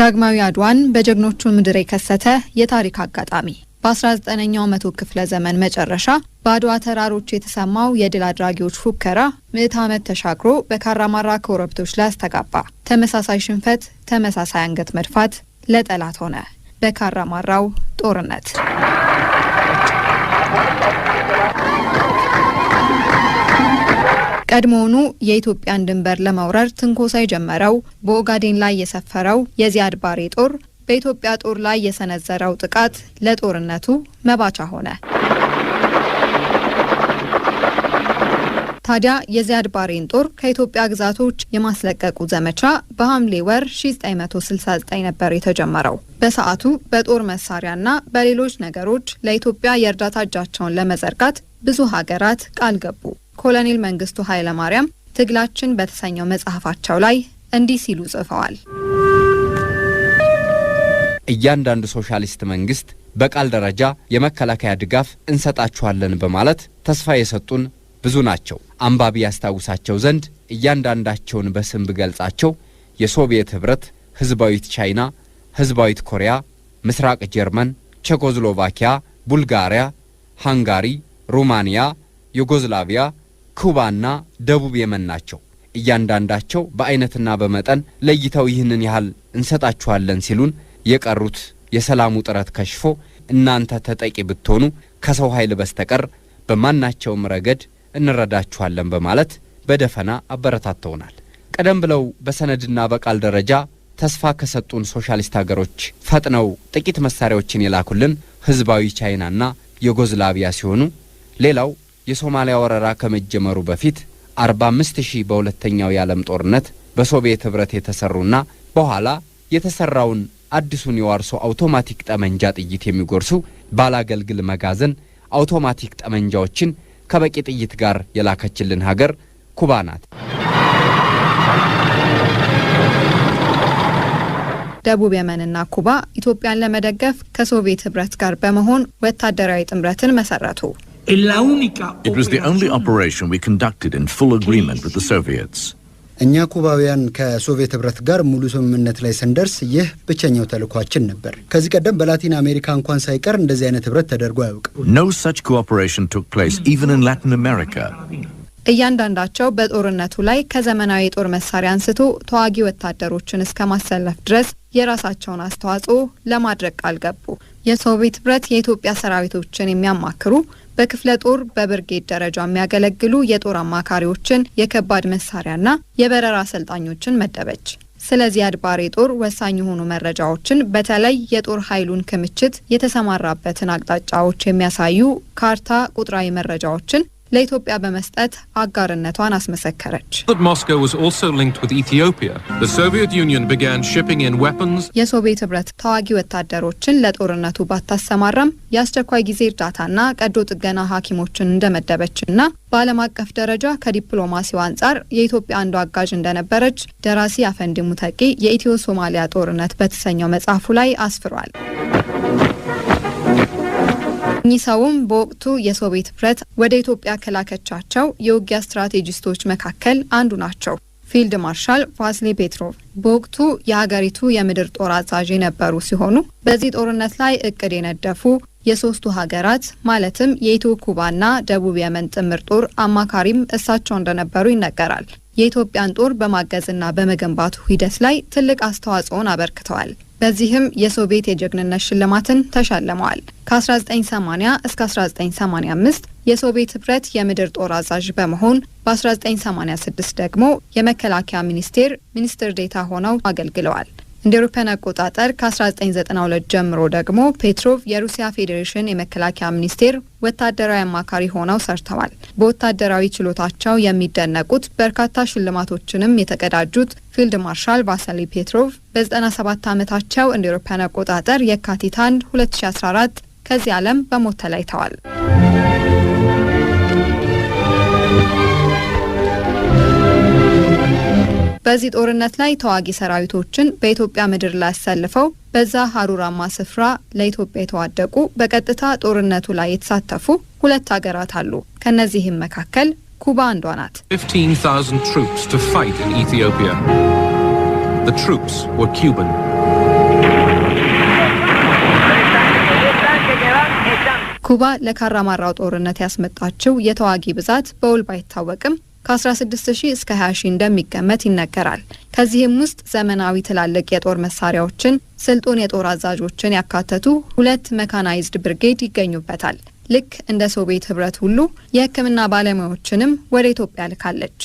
ዳግማዊ አድዋን በጀግኖቹ ምድር የከሰተ የታሪክ አጋጣሚ በ19ኛው መቶ ክፍለ ዘመን መጨረሻ በአድዋ ተራሮች የተሰማው የድል አድራጊዎች ፉከራ ምዕት ዓመት ተሻግሮ በካራማራ ኮረብቶች ላይ አስተጋባ። ተመሳሳይ ሽንፈት፣ ተመሳሳይ አንገት መድፋት ለጠላት ሆነ። በካራማራው ጦርነት ቀድሞውኑ የኢትዮጵያን ድንበር ለማውረር ትንኮሳ የጀመረው በኦጋዴን ላይ የሰፈረው የዚያድ ባሬ ጦር በኢትዮጵያ ጦር ላይ የሰነዘረው ጥቃት ለጦርነቱ መባቻ ሆነ። ታዲያ የዚያድ ባሬን ጦር ከኢትዮጵያ ግዛቶች የማስለቀቁ ዘመቻ በሐምሌ ወር 1969 ነበር የተጀመረው። በሰዓቱ በጦር መሳሪያና በሌሎች ነገሮች ለኢትዮጵያ የእርዳታ እጃቸውን ለመዘርጋት ብዙ ሀገራት ቃል ገቡ። ኮሎኔል መንግስቱ ኃይለማርያም ትግላችን በተሰኘው መጽሐፋቸው ላይ እንዲህ ሲሉ ጽፈዋል። እያንዳንዱ ሶሻሊስት መንግስት በቃል ደረጃ የመከላከያ ድጋፍ እንሰጣችኋለን በማለት ተስፋ የሰጡን ብዙ ናቸው። አንባቢ ያስታውሳቸው ዘንድ እያንዳንዳቸውን በስም ብገልጻቸው የሶቪየት ህብረት፣ ህዝባዊት ቻይና፣ ህዝባዊት ኮሪያ፣ ምስራቅ ጀርመን፣ ቼኮዝሎቫኪያ፣ ቡልጋሪያ፣ ሃንጋሪ፣ ሩማንያ፣ ዩጎዝላቪያ ኩባና ደቡብ የመን ናቸው። እያንዳንዳቸው በአይነትና በመጠን ለይተው ይህንን ያህል እንሰጣችኋለን ሲሉን የቀሩት የሰላሙ ጥረት ከሽፎ እናንተ ተጠቂ ብትሆኑ ከሰው ኃይል በስተቀር በማናቸውም ረገድ እንረዳችኋለን በማለት በደፈና አበረታተውናል። ቀደም ብለው በሰነድና በቃል ደረጃ ተስፋ ከሰጡን ሶሻሊስት ሀገሮች ፈጥነው ጥቂት መሳሪያዎችን የላኩልን ህዝባዊ ቻይናና ዩጎዝላቪያ ሲሆኑ ሌላው የሶማሊያ ወረራ ከመጀመሩ በፊት 45 ሺህ በሁለተኛው የዓለም ጦርነት በሶቪየት ኅብረት የተሰሩና በኋላ የተሰራውን አዲሱን የዋርሶ አውቶማቲክ ጠመንጃ ጥይት የሚጎርሱ ባላገልግል መጋዘን አውቶማቲክ ጠመንጃዎችን ከበቂ ጥይት ጋር የላከችልን ሀገር ኩባ ናት። ደቡብ የመንና ኩባ ኢትዮጵያን ለመደገፍ ከሶቪየት ኅብረት ጋር በመሆን ወታደራዊ ጥምረትን መሰረቱ። It was the only operation we conducted in full agreement with the Soviets. እኛ ኩባውያን ከሶቪየት ህብረት ጋር ሙሉ ስምምነት ላይ ስንደርስ ይህ ብቸኛው ተልኳችን ነበር። ከዚህ ቀደም በላቲን አሜሪካ እንኳን ሳይቀር እንደዚህ አይነት ህብረት ተደርጎ አያውቅም። No such cooperation took place even in Latin America. እያንዳንዳቸው በጦርነቱ ላይ ከዘመናዊ የጦር መሳሪያ አንስቶ ተዋጊ ወታደሮችን እስከ ማሰለፍ ድረስ የራሳቸውን አስተዋጽኦ ለማድረግ ቃል ገቡ። የሶቪየት ህብረት የኢትዮጵያ ሰራዊቶችን የሚያማክሩ በክፍለ ጦር በብርጌድ ደረጃ የሚያገለግሉ የጦር አማካሪዎችን የከባድ መሳሪያና የበረራ አሰልጣኞችን መደበች። ስለዚህ አድባሬ ጦር ወሳኝ የሆኑ መረጃዎችን በተለይ የጦር ኃይሉን ክምችት የተሰማራበትን አቅጣጫዎች የሚያሳዩ ካርታ ቁጥራዊ መረጃዎችን ለኢትዮጵያ በመስጠት አጋርነቷን አስመሰከረች። የሶቪየት ህብረት ተዋጊ ወታደሮችን ለጦርነቱ ባታሰማራም የአስቸኳይ ጊዜ እርዳታና ቀዶ ጥገና ሐኪሞችን እንደመደበችና በዓለም አቀፍ ደረጃ ከዲፕሎማሲው አንጻር የኢትዮጵያ አንዱ አጋዥ እንደነበረች ደራሲ አፈንዲ ሙተቂ የኢትዮ ሶማሊያ ጦርነት በተሰኘው መጽሐፉ ላይ አስፍሯል። እኚህ ሰውም በወቅቱ የሶቪየት ህብረት ወደ ኢትዮጵያ ከላከቻቸው የውጊያ ስትራቴጂስቶች መካከል አንዱ ናቸው። ፊልድ ማርሻል ቫስሊ ፔትሮቭ በወቅቱ የሀገሪቱ የምድር ጦር አዛዥ የነበሩ ሲሆኑ በዚህ ጦርነት ላይ እቅድ የነደፉ የሶስቱ ሀገራት ማለትም የኢትዮ ኩባና ደቡብ የመን ጥምር ጦር አማካሪም እሳቸው እንደነበሩ ይነገራል። የኢትዮጵያን ጦር በማገዝና በመገንባቱ ሂደት ላይ ትልቅ አስተዋጽኦን አበርክተዋል። በዚህም የሶቪየት የጀግንነት ሽልማትን ተሸልመዋል። ከ1980 እስከ 1985 የሶቪየት ህብረት የምድር ጦር አዛዥ በመሆን በ1986 ደግሞ የመከላከያ ሚኒስቴር ሚኒስትር ዴታ ሆነው አገልግለዋል። እንደ አውሮፓውያን አቆጣጠር ከ1992 ጀምሮ ደግሞ ፔትሮቭ የሩሲያ ፌዴሬሽን የመከላከያ ሚኒስቴር ወታደራዊ አማካሪ ሆነው ሰርተዋል። በወታደራዊ ችሎታቸው የሚደነቁት በርካታ ሽልማቶችንም የተቀዳጁት ፊልድ ማርሻል ቫሰሊ ፔትሮቭ በ97 ዓመታቸው እንደ አውሮፓውያን አቆጣጠር የካቲት 1 2014 ከዚህ ዓለም በሞት ተለይተዋል። በዚህ ጦርነት ላይ ተዋጊ ሰራዊቶችን በኢትዮጵያ ምድር ላይ አሰልፈው በዛ ሀሩራማ ስፍራ ለኢትዮጵያ የተዋደቁ በቀጥታ ጦርነቱ ላይ የተሳተፉ ሁለት ሀገራት አሉ። ከእነዚህም መካከል ኩባ አንዷ ናት። ኩባ ለካራማራው ጦርነት ያስመጣችው የተዋጊ ብዛት በውል ባይታወቅም ከ16000 እስከ 20000 እንደሚገመት ይነገራል። ከዚህም ውስጥ ዘመናዊ ትላልቅ የጦር መሳሪያዎችን፣ ስልጡን የጦር አዛዦችን ያካተቱ ሁለት መካናይዝድ ብርጌድ ይገኙበታል። ልክ እንደ ሶቪየት ህብረት ሁሉ የህክምና ባለሙያዎችንም ወደ ኢትዮጵያ ልካለች።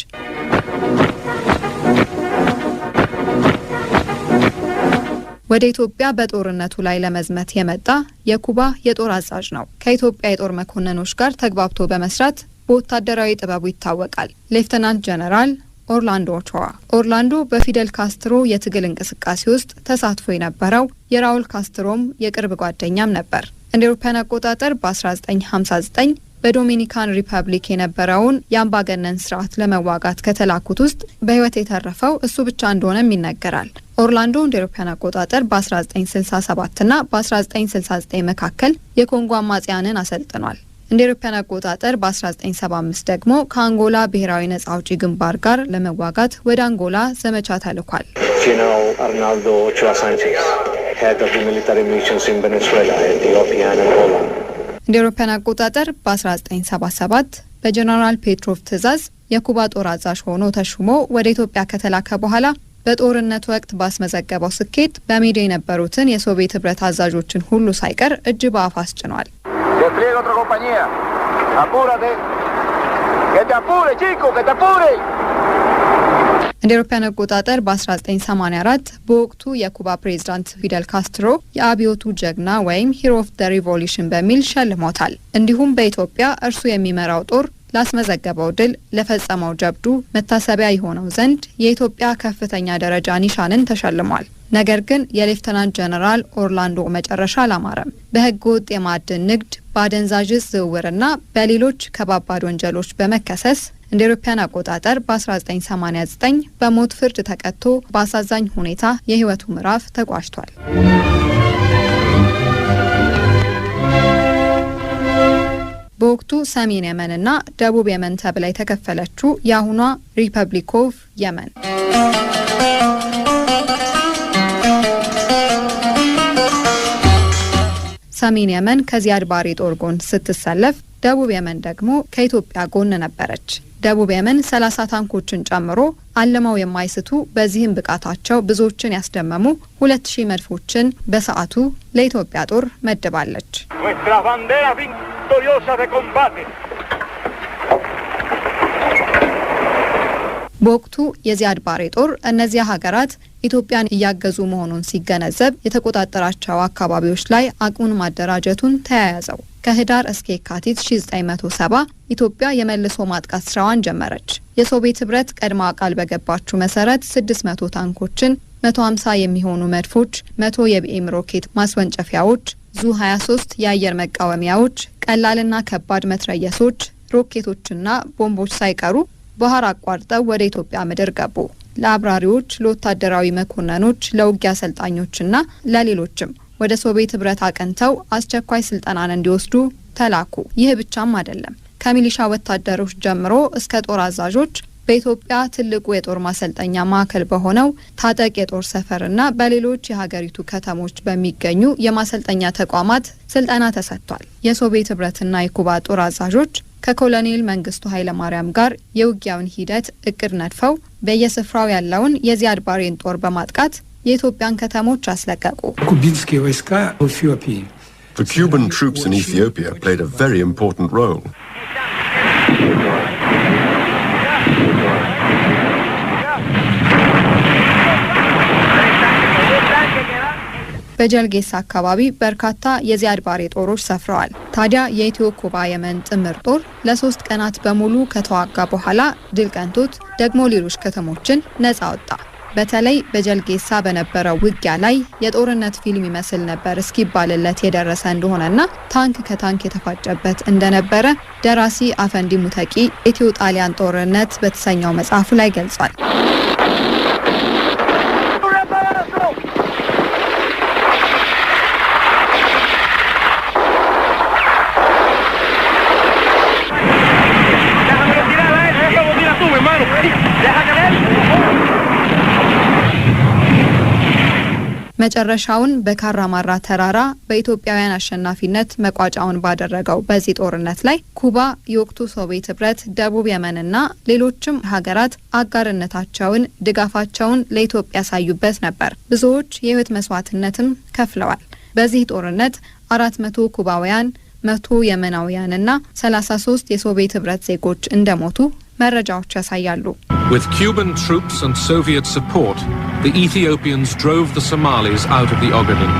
ወደ ኢትዮጵያ በጦርነቱ ላይ ለመዝመት የመጣ የኩባ የጦር አዛዥ ነው። ከኢትዮጵያ የጦር መኮንኖች ጋር ተግባብቶ በመስራት በወታደራዊ ጥበቡ ይታወቃል። ሌፍተናንት ጀነራል ኦርላንዶ ኦቾዋ። ኦርላንዶ በፊደል ካስትሮ የትግል እንቅስቃሴ ውስጥ ተሳትፎ የነበረው የራውል ካስትሮም የቅርብ ጓደኛም ነበር። እንደ ኤሮፓያን አቆጣጠር በ1959 በዶሚኒካን ሪፐብሊክ የነበረውን የአምባገነን ስርዓት ለመዋጋት ከተላኩት ውስጥ በህይወት የተረፈው እሱ ብቻ እንደሆነም ይነገራል። ኦርላንዶ እንደ ኤሮፓያን አቆጣጠር በ1967 እና በ1969 መካከል የኮንጎ አማጽያንን አሰልጥኗል። እንደ ኤሮፓያን አቆጣጠር በ1975 ደግሞ ከአንጎላ ብሔራዊ ነጻ አውጪ ግንባር ጋር ለመዋጋት ወደ አንጎላ ዘመቻ ተልኳል። አርናልዶ ሚሊታሪ ሚሽንስ ኢን ቬኔዙዌላ ኢትዮጵያን አንጎላ እንደ አቆጣጠር በ1977 በጀነራል ፔትሮቭ ትዕዛዝ የኩባ ጦር አዛዥ ሆኖ ተሹሞ ወደ ኢትዮጵያ ከተላከ በኋላ በጦርነት ወቅት ባስመዘገበው ስኬት በሜዳ የነበሩትን የሶቪየት ህብረት አዛዦችን ሁሉ ሳይቀር እጅ በአፍ አስጭኗል። Despliega otra compañía. Apúrate. Que te apure, chico, que te apure. እንደ ኤሮፓያን አቆጣጠር በ1984 በወቅቱ የኩባ ፕሬዝዳንት ፊደል ካስትሮ የአብዮቱ ጀግና ወይም ሂሮ ኦፍ ደ ሪቮሉሽን በሚል ሸልሞታል። እንዲሁም በኢትዮጵያ እርሱ የሚመራው ጦር ላስመዘገበው ድል ለፈጸመው ጀብዱ መታሰቢያ የሆነው ዘንድ የኢትዮጵያ ከፍተኛ ደረጃ ኒሻንን ተሸልሟል። ነገር ግን የሌፍተናንት ጀነራል ኦርላንዶ መጨረሻ አላማረም። በሕገ ወጥ የማዕድን ንግድ፣ በአደንዛዥ ዕፅ ዝውውርና በሌሎች ከባባድ ወንጀሎች በመከሰስ እንደ አውሮፓውያን አቆጣጠር በ1989 በሞት ፍርድ ተቀጥቶ በአሳዛኝ ሁኔታ የሕይወቱ ምዕራፍ ተቋጭቷል። በወቅቱ ሰሜን የመንና ደቡብ የመን ተብላ የተከፈለችው የአሁኗ ሪፐብሊክ ኦፍ የመን ሰሜን የመን ከዚያድ ባሬ ጦር ጎን ስትሰለፍ፣ ደቡብ የመን ደግሞ ከኢትዮጵያ ጎን ነበረች። ደቡብ የመን ሰላሳ ታንኮችን ጨምሮ አልመው የማይስቱ በዚህም ብቃታቸው ብዙዎችን ያስደመሙ 2000 መድፎችን በሰዓቱ ለኢትዮጵያ ጦር መድባለች። በወቅቱ የዚያድ ባሬ ጦር እነዚያ ሀገራት ኢትዮጵያን እያገዙ መሆኑን ሲገነዘብ የተቆጣጠራቸው አካባቢዎች ላይ አቅሙን ማደራጀቱን ተያያዘው። ከህዳር እስከ የካቲት 1970 ኢትዮጵያ የመልሶ ማጥቃት ስራዋን ጀመረች። የሶቪየት ህብረት ቀድማ ቃል በገባችው መሰረት 600 ታንኮችን፣ 150 የሚሆኑ መድፎች፣ 100 የቢኤም ሮኬት ማስወንጨፊያዎች፣ ዙ 23 የአየር መቃወሚያዎች፣ ቀላልና ከባድ መትረየሶች፣ ሮኬቶችና ቦምቦች ሳይቀሩ ባህር አቋርጠው ወደ ኢትዮጵያ ምድር ገቡ። ለአብራሪዎች፣ ለወታደራዊ መኮንኖች፣ ለውጊያ አሰልጣኞችና ለሌሎችም ወደ ሶቪየት ህብረት አቀንተው አስቸኳይ ስልጠናን እንዲወስዱ ተላኩ። ይህ ብቻም አይደለም። ከሚሊሻ ወታደሮች ጀምሮ እስከ ጦር አዛዦች በኢትዮጵያ ትልቁ የጦር ማሰልጠኛ ማዕከል በሆነው ታጠቅ የጦር ሰፈርና በሌሎች የሀገሪቱ ከተሞች በሚገኙ የማሰልጠኛ ተቋማት ስልጠና ተሰጥቷል። የሶቪየት ህብረትና የኩባ ጦር አዛዦች ከኮሎኔል መንግስቱ ኃይለማርያም ጋር የውጊያውን ሂደት እቅድ ነድፈው በየስፍራው ያለውን የዚያድ ባሬን ጦር በማጥቃት የኢትዮጵያን ከተሞች አስለቀቁ። The Cuban troops in Ethiopia played a very important role. በጀልጌሳ አካባቢ በርካታ የዚያድ ባሬ ጦሮች ሰፍረዋል። ታዲያ የኢትዮ ኩባ የመን ጥምር ጦር ለሶስት ቀናት በሙሉ ከተዋጋ በኋላ ድል ቀንቶት ደግሞ ሌሎች ከተሞችን ነጻ ወጣ። በተለይ በጀልጌሳ በነበረው ውጊያ ላይ የጦርነት ፊልም ይመስል ነበር እስኪባልለት የደረሰ እንደሆነና ታንክ ከታንክ የተፋጨበት እንደነበረ ደራሲ አፈንዲ ሙተቂ ኢትዮ ጣሊያን ጦርነት በተሰኘው መጽሐፉ ላይ ገልጿል። መጨረሻውን በካራማራ ተራራ በኢትዮጵያውያን አሸናፊነት መቋጫውን ባደረገው በዚህ ጦርነት ላይ ኩባ፣ የወቅቱ ሶቪየት ህብረት፣ ደቡብ የመንና ሌሎችም ሀገራት አጋርነታቸውን፣ ድጋፋቸውን ለኢትዮጵያ ያሳዩበት ነበር። ብዙዎች የህይወት መስዋዕትነትም ከፍለዋል። በዚህ ጦርነት አራት መቶ ኩባውያን መቶ የመናውያንና ሰላሳ ሶስት የሶቪየት ህብረት ዜጎች እንደሞቱ መረጃዎች ያሳያሉ። With Cuban troops and Soviet support, the Ethiopians drove the Somalis out of the Ogaden.